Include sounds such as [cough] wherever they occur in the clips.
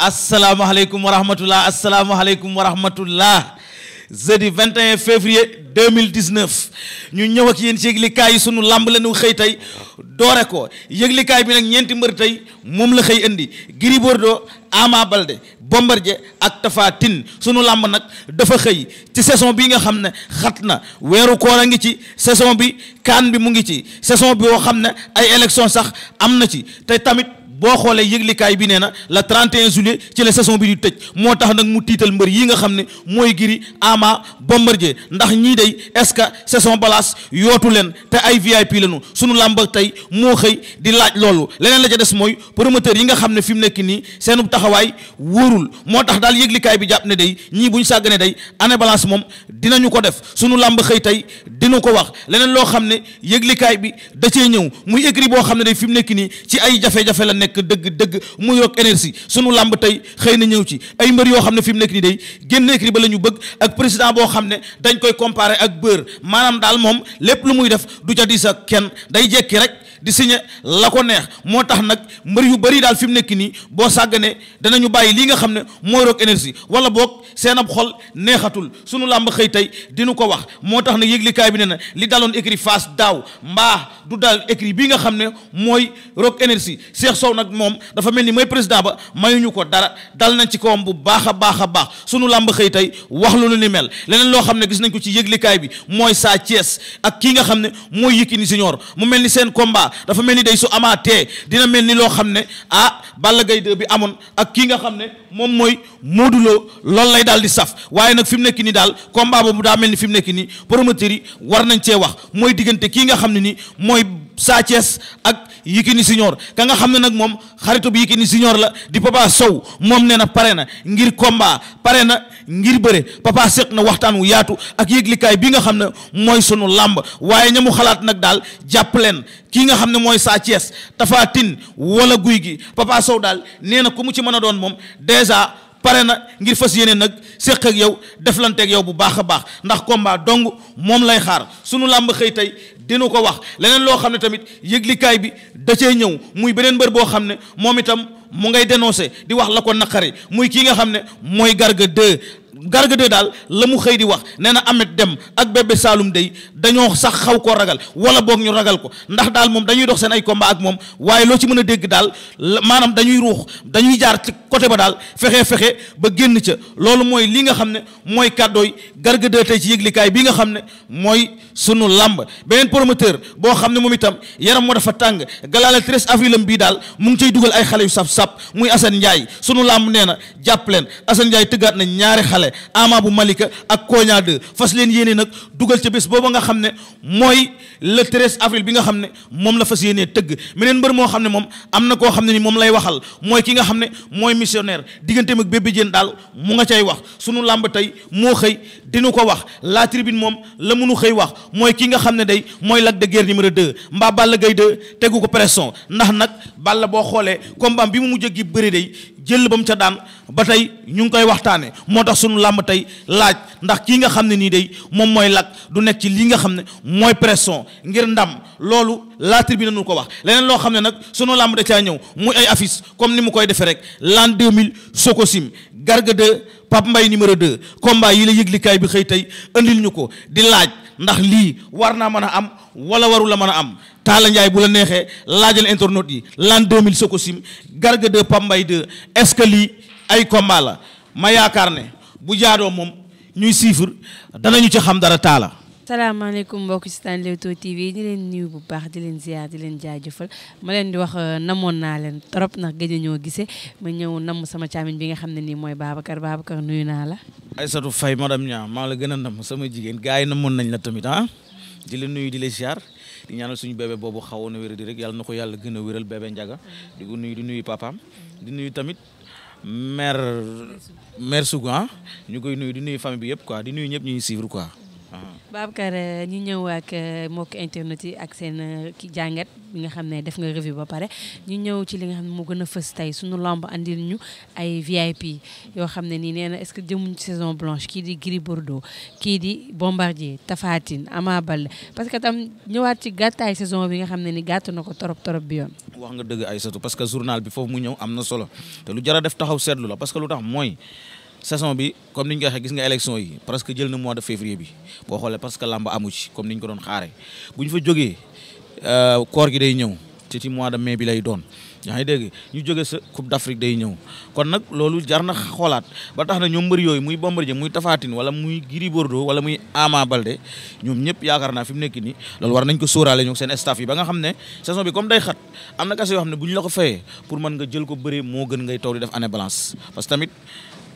asalaamaaleykum wa rahmatullah asalaamaaleykum wa rahmatullah jeudi 21 février 2019 ñu ñëw ak yéen ci yëglikaay yi sunu làmb la ñu xëy tey doore ko yëglikaay bi nag ñeenti mbër tey moom la xëy indi Gris Bordeaux Ama Baldé ak Tapha Tine sunu lamb nag dafa xëy ci saison bi nga xam ne xat na weeru koor a ngi ci saison bi kaan bi mu ngi ci saison bi boo xam ne ay élection sax am na ci te tamit boo xoolee yëglikaay bi nee na le 31 juillet ci la saison bi di tëj moo tax nag mu tiital mbër yi nga xam ne mooy Gris Ama Bombardier ndax ñii day est-ce que saison balaas yootu leen te ay VIP lañu sunu làmba tey moo xëy di laaj loolu leneen la ca des mooy promoteur yi nga xam ne fi mu nekk nii seenu taxawaay wóorul moo tax daal yëglikaay bi jàpp ne day ñii buñ ñu sàgganee day année moom dinañu ko def suñu làmb xëy tey dina ko wax leneen loo xam ne yëglikaay bi da ñëw muy écrit boo xam ne day fi mu nekk nii ci ay jafe la nekk nekk dëgg dëgg mu yokk énergie sunu làmb tey xëy na ñëw ci ay yoo xam ne fi mu nekk nii day génn écrit ba la ñu bëgg ak président boo xam ne dañ koy comparer ak bër maanaam daal moom lépp lu muy def du ca diis ak kenn day jekki rek di signé la ko neex moo tax nag mbër yu bëri daal fi mu nekk nii boo sàgganee danañu bàyyi lii nga xam ne mooy roog énergie wala boog seen ab xol neexatul sunu làmb xëy tey dina ko wax moo tax nag yëglikaay bi ne na li daloon écrit face daaw mbaa du dal écrit bii nga xam ne mooy roog énergie Cheikh Sow ak moom dafa mel ni mooy président ba mayuñu ko dara dal nañ ci kawam bu baax a baax a baax sunu làmb xëy tey wax lu ni mel leneen loo xam ne gis nañ ko ci yëglikaay bi mooy Sa Thiès nga xam ne mooy Yékini Junior mu mel seen combat dafa mel ni day su amaatee dina mel ni loo xam ne ah Balla Gaye bi amoon ak kii nga xam ne moom mooy Modou Lo loolu lay daal di saf waaye nag fi mu nekk nii daal combat boobu daa mel ni fi mu nekk nii promoteurs yi war nañ cee wax mooy diggante kii nga xam ne nii ak Yékini Senior ka nga xam ne nag moom xaritu bi Yékini Senior la di Papa Sow moom nee na pare na ngir combat pare na ngir bëre Papa seq na waxtaan wu yaatu ak yëglikaay bii nga xam ne mooy sunu làmb waaye ñamu xalaat nag daal jàpp leen kii nga xam ne mooy Sa Thiès Tapha wala guy gi Papa Sow daal nee na ku mu ci mën a doon moom déjà pare na ngir fas yéene nag séq ak yow deflanteeg yow bu baax a baax ndax komba dong moom lay xaar sunu làmb xëy tey dina ko wax leneen loo xam ne tamit yëglikaay bi da cee ñëw muy beneen mbër boo xam ne moom itam mu ngay dénoncé di wax la ko naqari muy kii nga xam ne mooy gar ga 2 Garga 2 daal la mu xëy di wax nee na Ameth dem ak Bébé Saloum dey dañoo sax xaw koo ragal wala boog ñu ragal ko ndax daal moom dañuy dox seen ay komba ak moom waaye loo ci mën a dégg daal maanaam dañuy ruux dañuy jaar ci ba daal fexe fexe ba génn ca loolu mooy li nga xam ne mooy kàddooy Garga 2 tey ci yëglikaay bi nga xam ne mooy sunu làmb beneen promoteur boo xam ne moom itam yaram moo dafa tàng galaa la 13 avril bii daal mu ngi cay dugal ay xale yu sap sap muy Assane Ndiaye sunu làmb nee na jàpp leen Assane Ndiaye tëggaat na ñaari xale Ndiaye bu Malika ak Koña 2 fas leen yéene nag dugal ca bés booba nga xam ne mooy le 13 avril bi nga xam ne moom la fas yéenee tëgg meneen mbër moo xam ne moom am na koo xam ne ni moom lay waxal mooy ki nga xam ne mooy missionnaire digganteem ak bébé jeen daal mu nga cay wax sunu làmb tey moo xëy dinu ko wax la moom la munu xëy wax mooy ki nga xam ne day mooy Lac de Guiers numéro 2 mbaa Balla Gaye 2 tegu ko pression ndax nag Balla boo xoolee combat bi mu mujj gi bëri day jël ba mu ca daan ba tey ñu ngi koy waxtaane moo tax suñu làmb tey laaj ndax kii nga xam ne nii day moom mooy Lac du nekk ci lii nga xam ne mooy presson ngir ndam loolu la bi nu ko wax leneen loo xam ne nag sunu làmb da caa ñëw muy ay affiche comme ni mu koy defee rek soo ko Sokosim Garga 2 Pape mbay numéro 2 combat yi la yëglikaay bi xëy tey andil ñu ko di laaj ndax lii war naa mën a am wala waru la mën a am Talla Ndiaye bu la neexee laajal internautes yi l'an 2000 Sococim Garga 2 Pambay 2 est-ce que lii ay combat ma yaakaar ne bu jaadoo moom ñuy siifir danañu ci xam dara Talla salaamaaleykum mbokk ci staan Leewtoo TV di leen nuyu bu baax di leen ziar di leen jaajëfal ma leen di wax euh, namoon naa leen trop ndax gëj ñoo gise ma ñëw namm sama càmmiñ bi nga xam ne nii mooy Babacar Babacar nuyu naa la. Aïssatou Faye madame Niang ma la gën a namm sama jigéen gars yi namoon nañ la tamit ah di la nuyu di la ziar di ñaanal suñu bébé boobu xawoon na wér di rek yàlla na ko yàlla gën a wéral bébé Ndiaga di ko nuyu di nuyu papaam di nuyu tamit. mère mère Souga ah. ñu koy nuyu di nuyu famille bi yëpp quoi di nuyu ñëpp ñuy suivre quoi. Babacar euh, ñu ñëw ak euh, mbokk internet yi ak seen euh, jàngat bi nga xam ne def nga revue ba pare ñu ñëw ci li nga xam ne moo gën a fës tey suñu lamb andil ñu ay VIP yoo xam ne nii nee na est-ce que jëmuñ saison blanche kii di Gris Bordeaux kii di Bombardier Tapha Tine Ama Baldé parce que tam ñëwaat ci gattaay saison bi nga xam ne ni gàtt na ko torop torop bi yoon. wax nga dëgg ay satu parce que journal bi foofu mu ñëw am na solo te lu jar def taxaw seetlu parce que lu tax mooy. saison bi comme ni ñu ko waxee gis nga élection yi parce que jël na mois de février bi boo xoolee parce que làmb amu ci comme ni ko doon xaare bu ñu fa jógee euh, koor gi day ñëw te ti mois de mais bi lay doon yaa ngi dégg ñu jógee sa coupe d'Afrique day ñëw kon nag loolu jar na xoolaat ba tax na ñoom mbër yooyu muy Bombardier muy Tapha Tine wala muy Gris Bordeaux wala muy Ama Baldé ñoom ñëpp yaakaar naa fi mu nekk nii loolu war nañ ko sóoraale seen staff yi ba nga xam ne saison bi comme day xat am na kase yoo xam ne ko fayee pour mën nga jël ko bëree moo gën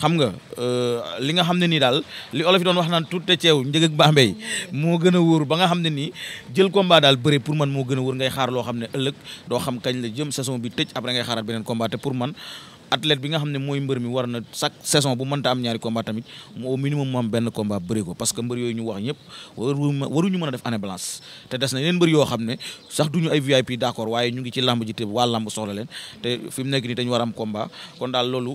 xam nga euh, li nga xam ne nii daal li olof yi doon wax naan tuutte ceew njëg ak Bambey moo gën a ba nga xam ne nii jël combat daal bëre pour man moo gën a wóor ngay xaar loo xam ne ëllëg doo xam kañ la jëm saison bi tëj après ngay xaaraat beneen combat te pour man athlète bi nga xam ne mooy mbër mi war na chaque saison bu mënta am ñaari combat tamit mu au minimum mu am benn combat bëri ko parce que mbër yooyu ñu wax ñëpp waruñu waruñu mën a def année blanche te des na yeneen mbër yoo ne sax duñu ay VIP d'accord waaye ñu ngi ci làmb ji te waa làmb soxla leen te fi mu nekk nii dañu war am combat kon daal loolu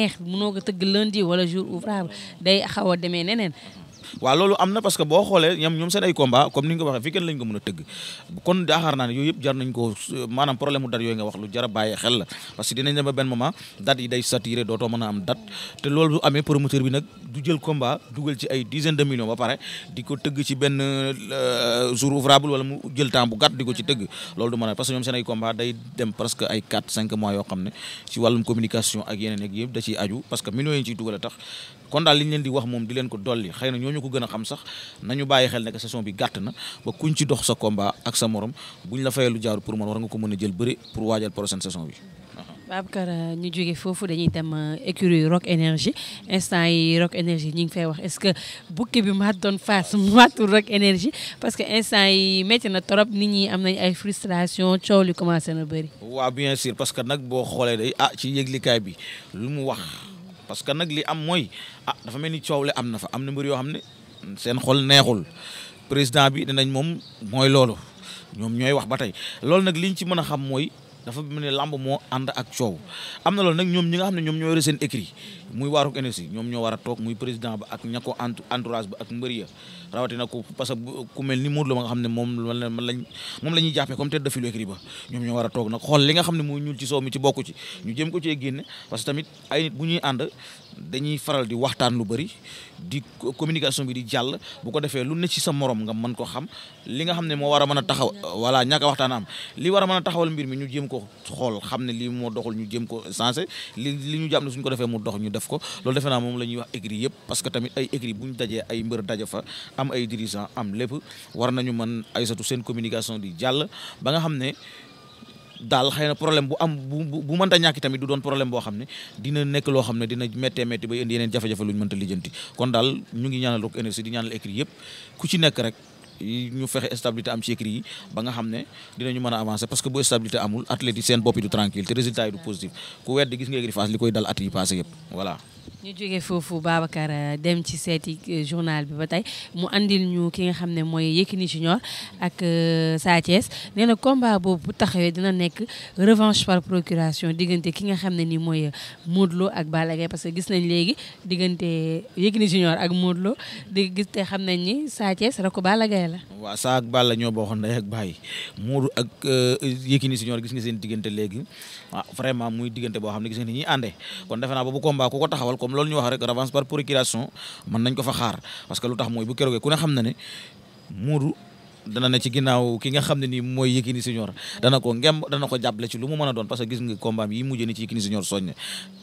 neex mënoo ko tëgg lundi wala jour ouvrable day xaw a demee neneen waaw loolu am na parce que boo xoolee ñoom ñoom seen ay combat comme ni nga waxee fi kenn lañ ko mën a tëgg kon jaaxaar naa a bàyyi xel la ko tëgg ci benn euh, ko ci tëgg loolu du mën a parce que ñoom seen ay combat day dem presque ay 4 5 mois yoo xam ne ci wàllum communication ak yeneen ak daal li leen di wax moom di leen ko dolli xëy na ñoo ñu ko gën a xam sax nañu bàyyi xel ne que bi gàtt na ba kuñ ci dox sa combat ak sa morom buñ la fayee lu jaaru pour man war nga ko mën a jël bëri pour waajal prochaine saison bi. Babacar ñu jógee foofu dañuy dem euh, écurie Rock Énergie instant yi Rock Énergie ñu ngi fay wax est-ce que bukki bi maa doon face [laughs] maatul Rock Énergie parce que instant yi métti na trop nit ñi am nañ ay frustration coow li commencé na bëri. waaw bien sûr parce que nag boo xoolee ah, parce que nag li am mooy ah dafa mel ni coow le am na fa am na mbir yoo xam ne seen xol neexul président bi dinañ moom mooy loolu ñoom ñooy wax ba tey loolu nag liñ ci mën a xam mooy dafa mel ni làmb moo ànd ak coow am na lool nag ñoom ñi nga xam ne ñoom ñoo yore seen écrit muy waaruk énergie ñoom ñoo war a toog muy président ba ak ña ko entourage ba ak mbëri ya rawatina ku parce que ku mel ni Modou Lo ma nga xam moom lañ moom la ñuy jàppee comme tête de file ba ñoom ñoo war a toog nag xool li nga xam ne mooy ñuul ci soow mi ci bokku ci ñu jëm ko cee génne parce que tamit ay bu ñuy ànd dañuy faral di waxtaan lu bëri di communication bi di jàll bu ko defee lu ne ci sa moroom ngam mën ko xam li nga xam ne moo war a mën a taxaw voilà ñàkk a waxtaan am li war a mën a taxawal mbir mi ñu jëm ko xool xam ne lii moo doxul ñu jëm ko sensé li li ñu jàpp ne suñ ko defee mu dox ñu def ko loolu defe naa moom la ñuy wax écrit yëpp parce que tamit ay écrit bu ñu dajee ay mbër daje fa am ay am lépp war nañu mën ay satu seen communication di jàll ba nga xam ne daal xëy na problème bu am bu bu mënta ñàkk tamit du doon problème boo xam ne dina nekk loo xam ne dina méttee métti bay indi yeneen jafe-jafe luñ mënta lijjanti kon daal ñu ngi ñaanal Rock Énergie di ñaanal écrit yëpp ku ci nekk rek ñu fexe stabilité am ci écrit yi ba nga xam ne dinañu mën a avancer parce que bu stabilité amul athlètes seen bopp yi du tranquille te résultat yi du positif ku wedd gis nga écrit Fass koy dal at yi passé yëpp ñu jóge foofu Babacar euh, dem ci seeti euh, journal bi ba tey mu andil ñu ki nga xam ne mooy Yékini Junior ak euh, Sa Thiès nee na combat boobu bu taxawee dina nekk revanche par procuration diggante ki nga xam ne ni mooy Modou ak Balla Gaye parce que gis nañ léegi diggante Yékini Junior ak Modou di gis te xam nañ ni Sa Thiès rek ko Balla Gaye la. waaw saa ak Balla ñoo bokkoon ndey ak baay Modou ak Yékini Junior gis nga seen diggante léegi ah vraiment muy diggante boo xam ne gis nga ñuy àndee taxawal comme loolu ñu wax rek revanche par procuration mën nañ ko fa xaar parce que lu tax mooy bu keroogee ku ne xam ne Modou mooy Yékini Senior dana ko ngem dana ko jàppale ci lu mu mën a doon parce que gis nga combat yi mujj ni ci Yékini Senior soññ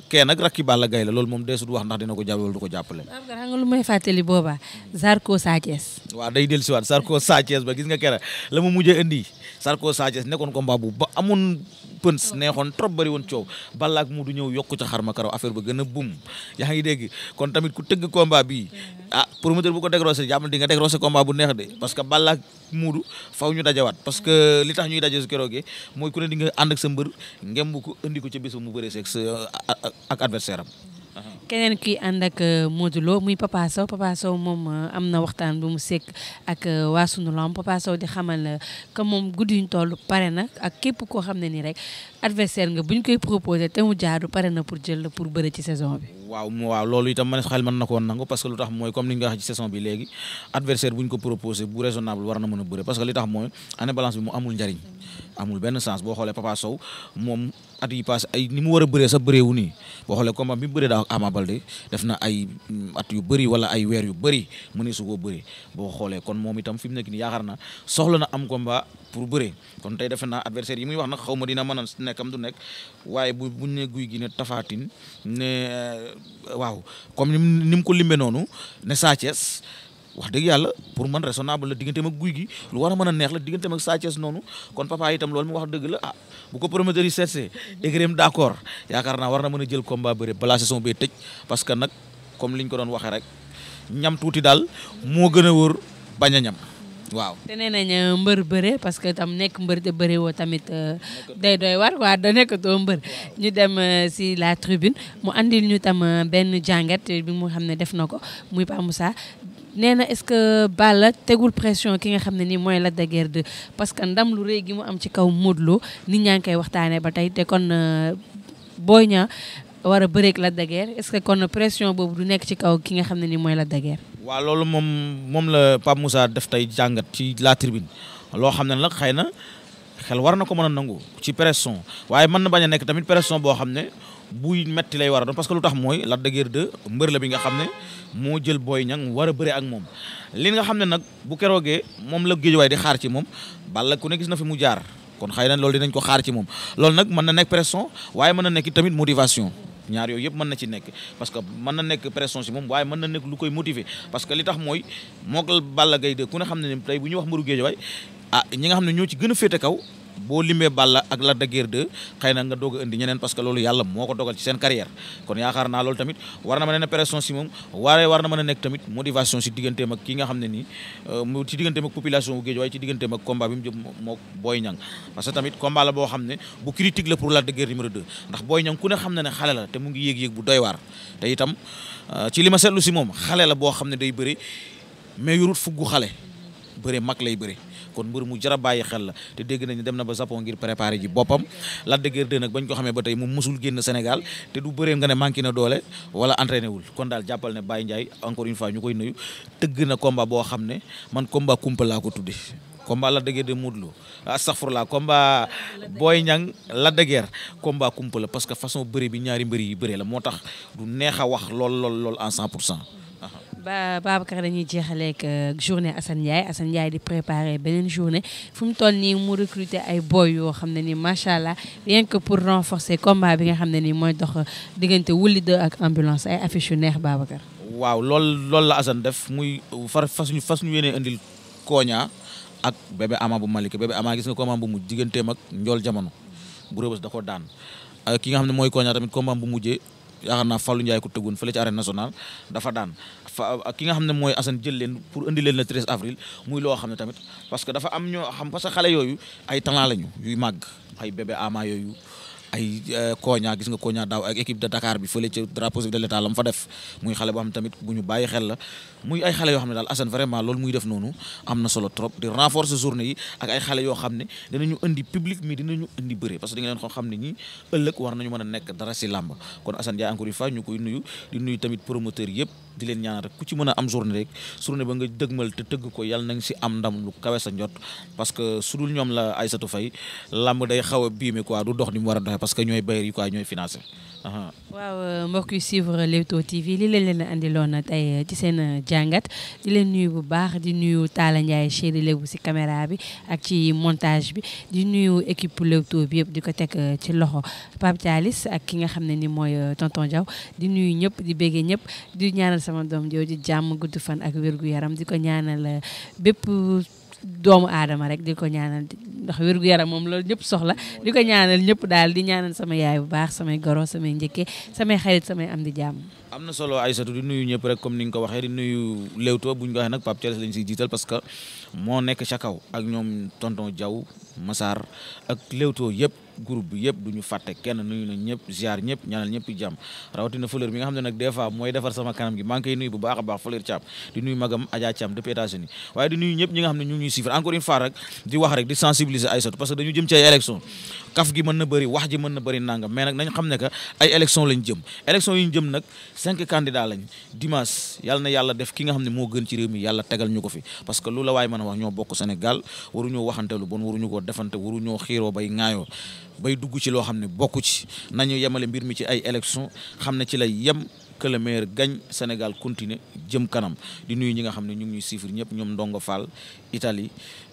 kee nag rakki Balla Gaye la loolu moom deesut wax ndax dina ko jàppale wala du ko jàppale. xam nga lu may fàttali boobaa Zarko Sa Thiès waaw day dellu siwaat Sarko Sa Thiès ba gis nga kera la ma mujjee indi Sarko Sa Thiès nekkoon combat bu ba amoon pën neexoon trop bëri woon coow balaak mu du ñëw yokku ca ma karaw affaire ba gën a buum yaa ngi dégg kon tamit ku tëgg combat bi ah promoteur bu ko dégrosé jàmm di nga dégrosé combat bu neex de parce que balaak muudu faw ñu dajawaat parce que li tax ñuy daje su keroogee mooy ku ne di nga ànd ak sa mbër ngem bu ko indi ko ca bis ba mu bëree seeg sa ak adversaire am keneen kuy ànd ak euh, Modou Lo muy Papa Sow moom euh, am na waxtaan bu mu sekk ak euh, waa sunu lamb Papa Sow di xamal que moom guddi yuñ toll pare na ak képp koo xam ne nii rek adversaire nga buñ koy proposé te mu jaadu pare na pour jël la pour bëre ci saison bi. waaw waaw loolu itam man xel mën na ko nangu parce que lu tax mooy comme ni nga wax ci saison bi léegi adversaire bu ko proposé bu raisonnable war na mën a bëre parce que li tax mooy année balance bi mu amul njariñ amul benn sens boo xoolee Papa Sow moom at yi passé ay ni mu war a bëree sax bëree wu nii boo xoolee combat bi mu bëree daaw ak Ama Baldé def na ay mm, at yu bëri wala ay weer yu bëri mu ne su koo boo xoolee kon moom itam fi mu nekk nii yaakaar na soxla na am combat pour bëre kon tey defe naa adversaire yi muy wax nag xaw ma dina mën a nekkam du nekk waaye bu buñ ne guy gi ne tafaatin ne euh, waaw comme ni mu ko limbe noonu ne Sa wax dëgg yàlla pour man raisonnable la digganteem ak guy gi lu war a mën a neex la digganteem ak Sa noonu kon papa itam loolu mu wax dëgg la ah bu ko promoteur yi seetsee égrém d'accord yaakaar naa war na mën a jël combat bëre balaa saison bee tëj parce que nag comme liñ ko doon waxee rek ñam tuuti daal moo gën a wóor bañ a ñam waaw te nee nañ euh, mbër bëre parce que tam nekk mbër te bëre woo tamit euh, day doy war waa da nekkatoo mbër ñu dem euh, si la tribune mu andil ñu tam benn jàngat bi mu xam ne def na ko muy Pa saa nee na est-ce que Balla tegul pression ki nga xam ne nii mooy Lac de Guiers parce que ndam lu rëy gi mu am ci kaw Modou Lo nit ñaa ngi koy waxtaanee ba tey te kon booy Niang war a bëreeg la de Guiers est kon pression boobu du nekk ci kaw ki nga xam ne nii mooy la de waa loolu moom moom la Pape Moussa def tey jàngat ci la tribune loo xam ne nag xëy na xel war na ko mën a nangu ci pression waaye mën na bañ a nekk tamit pression boo xam ne buy metti lay war a doon parce que lu tax mooy Lac de Guiers mbër la bi nga xam ne moo jël Boy Niang war a bëre ak moom li nga xam ne nag bu keroogee moom la géejuwaay di xaar ci moom Balla ku ne gis na fi mu jaar kon xay na lool dinañ ko xaar ci moom loolu nag mën na nekk pression waaye mën na nekk tamit motivation ñaar yooyu yëpp mën na ci nekk parce que mën na nekk pression si moom waaye mën na nekk lu koy motiver parce que li tax mooy mook Balla Gaye ku ne xam ne ne tey bu ñu wax mbaru géejawaay ah ñi nga xam ne ñoo ci gën a féete kaw boo limee Balla ak Lac de Guiers 2 na nga doog a ñeneen parce que loolu yàlla moo ko dogal ci seen carrière kon yaakaar naa loolu tamit war na mën a ne pression si moom waaye war na mën a nekk tamit motivation si digganteem ak ki nga xam ne ni euh, mu ci digganteem ak population bu géej ci digganteem ak combat bi mu jëm moo Boy Niang tamit combat la boo xam ne bu critique la pour Lac de Guiers numéro 2 ndax Boy Niang ku ne xam ne ne xale la te mu ngi yéeg-yéeg bu doy waar te euh, ci li ma seetlu si moom xale la boo xam ne day bëri mais yorut fuggu xale bëre mag lay bëre kon mbër mu jara bàyyi xel la te dégg nañu dem na ba Japon ngir préparer ji boppam Lac de Guiers 2 nag bañ ko xamee ba tey moom musul génn Sénégal te du bëree nga ne manqué na doole wala entraîné wul kon daal jàppal ne Baye Ndiaye encore une fois ñu koy nuyu tëgg na combat boo xam ne man combat kumpa laa ko tudde combat Lac de Guiers de Modou Lo astaghfirullah combat Boy Niang Lac de Guiers combat kumpa la parce que façon bëre bi ñaari mbëri yi bër la moo tax du a wax lool lool lool en pour cent ba Babacar dañuy jeexaleeg euh, journée Assane Ndiaye Assane Ndiaye di préparer beneen journée fu mu toll nii mu recruter ay boy yoo xam ne ni macha allah rien que pour renforcer combat bi nga xam ne ni mooy dox euh, diggante Wouly 2 ak ambulance ay affiche yu neex Babacar. waaw lool loolu la Assane def muy far fas ñu fas ñu yéene indil Koña ak bébé Ama bu Malick bébé Ama gis nga combat bu mu digganteem mag njool jamono bu rëbës da ko daan euh, ki nga xam ne mooy Koña tamit combat bu mujjee. yaakaar naa Fallou Ndiaye ko tëggoon fële ci arène nationale dafa daan fa ki nga xam ne mooy Assane jël leen pour indi leen le 13 avril muy loo xam ne tamit parce que dafa am ñoo xam parce que xale yooyu ay talent ñu yuy màgg ay bébé ama yooyu ay euh, Koña gis nga Koña daaw ak équipe de Dakar bi fële ca drapeau de l'état fa def muy xale boo xam tamit bu ñu bàyyi xel la muy ay xale yoo xam ne daal Assane vraiment loolu muy def noonu am na solo trop yoo xam ne dinañu indi public mi dinañu indi bëre parce que di nga leen ko xam ne ñi ëllëg war nañu mën a nekk dara si làmb kon Assane Ndiaye encore une fois ñu koy nuyu di nuyu tamit promoteur yëpp di leen ñaanal rek ku ci mën a am journée rek journée ba nga dëgmal te tëgg ko yàlla nañ si am ndam lu kawe sa njot parce ñoom la Aïssatou Faye làmb day xaw a biime parce que ñooy bailleurs yi quoi ñooy financé. waaw mbokk yu suivre Leewtoo TV li leen leen andiloon tey eh, ci seen eh, jàngat di leen nuyu bu baax di nuyu Talla Ndiaye chéri Lebu si caméra bi ak ci montage bi di nuyu équipe Leewtoo bi yëpp di ko teg eh, ci loxo Pape Thialis ak ki nga xam ne ni mooy tonton Diaw di nuyu ñëpp di béggee ñëpp di ñaanal sama doom jooju jàmm gudd fan ak wér yaram di ko ñaanal bépp doomu aadama rek di ko ñaanal ndax wér gu yaram moom loolu ñëpp soxla di ko ñaanal ñëpp daal di ñaanal sama yaay bu baax samay goro samay njëkke samay xarit samay am di jàmm am na solo ay Aïssatou di nuyu ñëpp rek comme ni nga ko waxee di nuyu Leewtoo bu ñu ko waxee nag Pape Thialis lañ siy jiital parce que moo nekk ca kaw ak ñoom tonton jaw Massar ak Leewtoo yëpp groupe bi yëpp du ñu fàtte kenn nuyu na ñëpp ziar ñëpp ñaanal ñëpp jàmm rawatina Fleur bi nga xam ne nag des fois mooy defar sama kanam gi maa nuyu bu baax a baax Fleur Thiam di nuyu magam Adja Thiam depuis waaye di nuyu ñëpp ñi nga xam ne ñu ngi ñuy suivre encore une fois rek di wax rek di sensibiliser ay sot parce que dañu jëm ci ay kaf gi mën na bëri wax ji mën na bari nanga mais nag nañ xam ne que ay élection lañ jëm élection yi ñu jëm nag cinq candidats lañ dimanche yàlla na yàlla def ki nga xam ne moo gën ci réew mi yàlla tegal ñu ko fi parce que lu la waay mën a wax ñoo bokk Sénégal waruñoo waxante lu bon waruñu ko defante waruñoo xiiroo bay ŋaayoo bay dugg ci loo xam ne bokku ci nañu yemale mbir mi ci ay élection xam ne ci lay yem que le meilleur gagne Sénégal continue jëm kanam di nuyu ñi nga xam ne ñu ngi ñuy siifir ñëpp ñoom Ndongo Fall Italie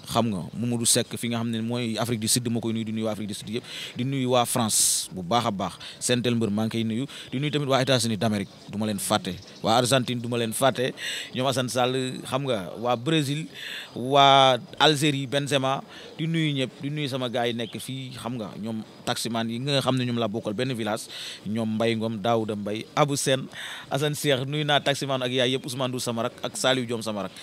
xam nga Mamadou Seck fi nga xam ne mooy Afrique du Sud ma koy nuyu di nuyu waa Afrique du Sud France bu baax a baax Sentel Mbër maa ngi nuyu di nuyu tamit waa États-Unis d'Amérique du leen fàtte waa Argentine du leen fàtte ñoom Assane Sall xam nga waa Brésil waa Algérie Benzema di nuyu ñëpp di nuyu sama gars nekk fii xam nga ñoom taximan yi nga xam ne ñoom laa bokkal benn village ñoom Mbaye Ngom Daouda Mbaye abu seen Assane Cheikh nuy naa taximan ak yaay yëpp Ousmane Dou sama rak ak Saliou joom sama rak